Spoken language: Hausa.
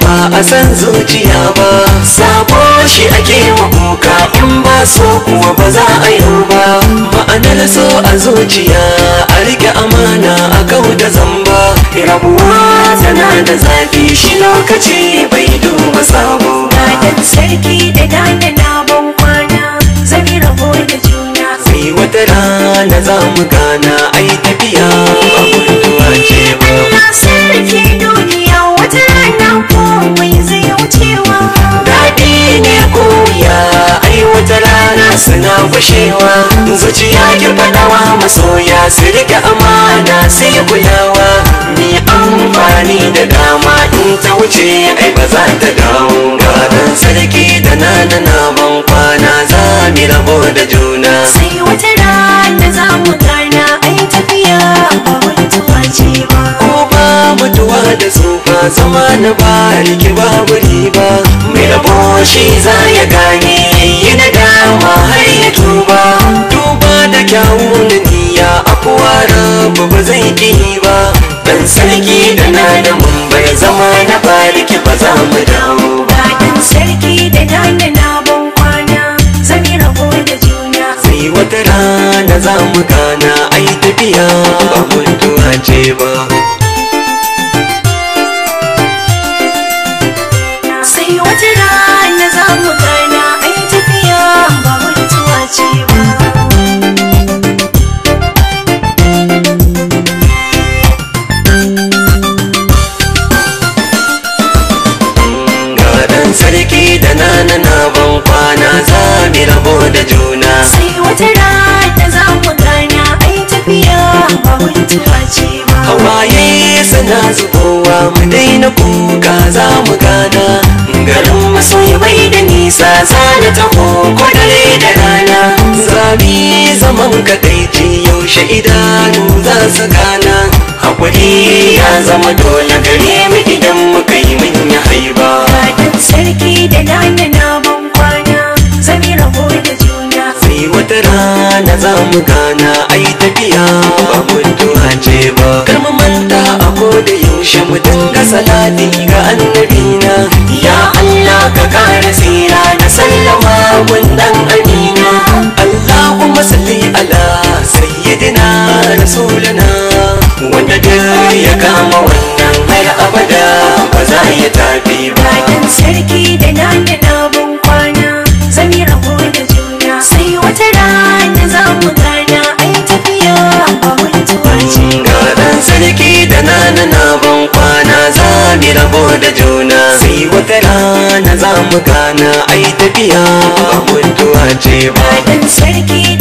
ba a san zuciya ba sabo shi ake kuka in ba so kuwa ba za a yi ba ma'anar so a zuciya a rike amana a kauta zamba rabuwa tana da zafi shi lokaci bai duba sabo Madan sarki da dana na ban kwana yi rabo da juna sai wata rana za mu gana san fushewa zuciya ki fadawa masoya su rike amana su kulawa mi amfani da dama in ta wuce ai ba za ta dawo ba dan sarki da nana na ban kwana za mi rabo da juna sai wata rana za mu gana ai tafiya ba wani ce ba ko ba mutuwa da tsufa zama na bariki babu riba mai rabo shi za ya gane biki ba dan sarki da na da mun bai zama na bariki ba za mu dawo ba dan sarki da na da na ban kwana zan yi rabo da juna sai wata rana za mu gana ai tafiya rabo da juna sai wata rana za mu gana ai tafiya ba mutuwa ce ba hawaye suna zubowa mu daina kuka za mu gana garin masoyi bai da nisa na taho dare da rana zabi zaman kadaici yaushe idanu za su gana hakuri ya zama dole gare mu idan muka yi manya haiba tara zamu za mu gana ai tafiya ba mutuwa ce ba kar mu manta a koda yaushe mu dinga salati ga annabi na ya Allah ka kare tsira na sallama wannan amina Allahumma salli ala sayyidina rasulina wanda ya kama Gaɗan sarki da nanana na ban kwana za mu rabo da juna sai wata rana za mu gana ai tafiya ba mutuwa ce ba. Gaɗan sarki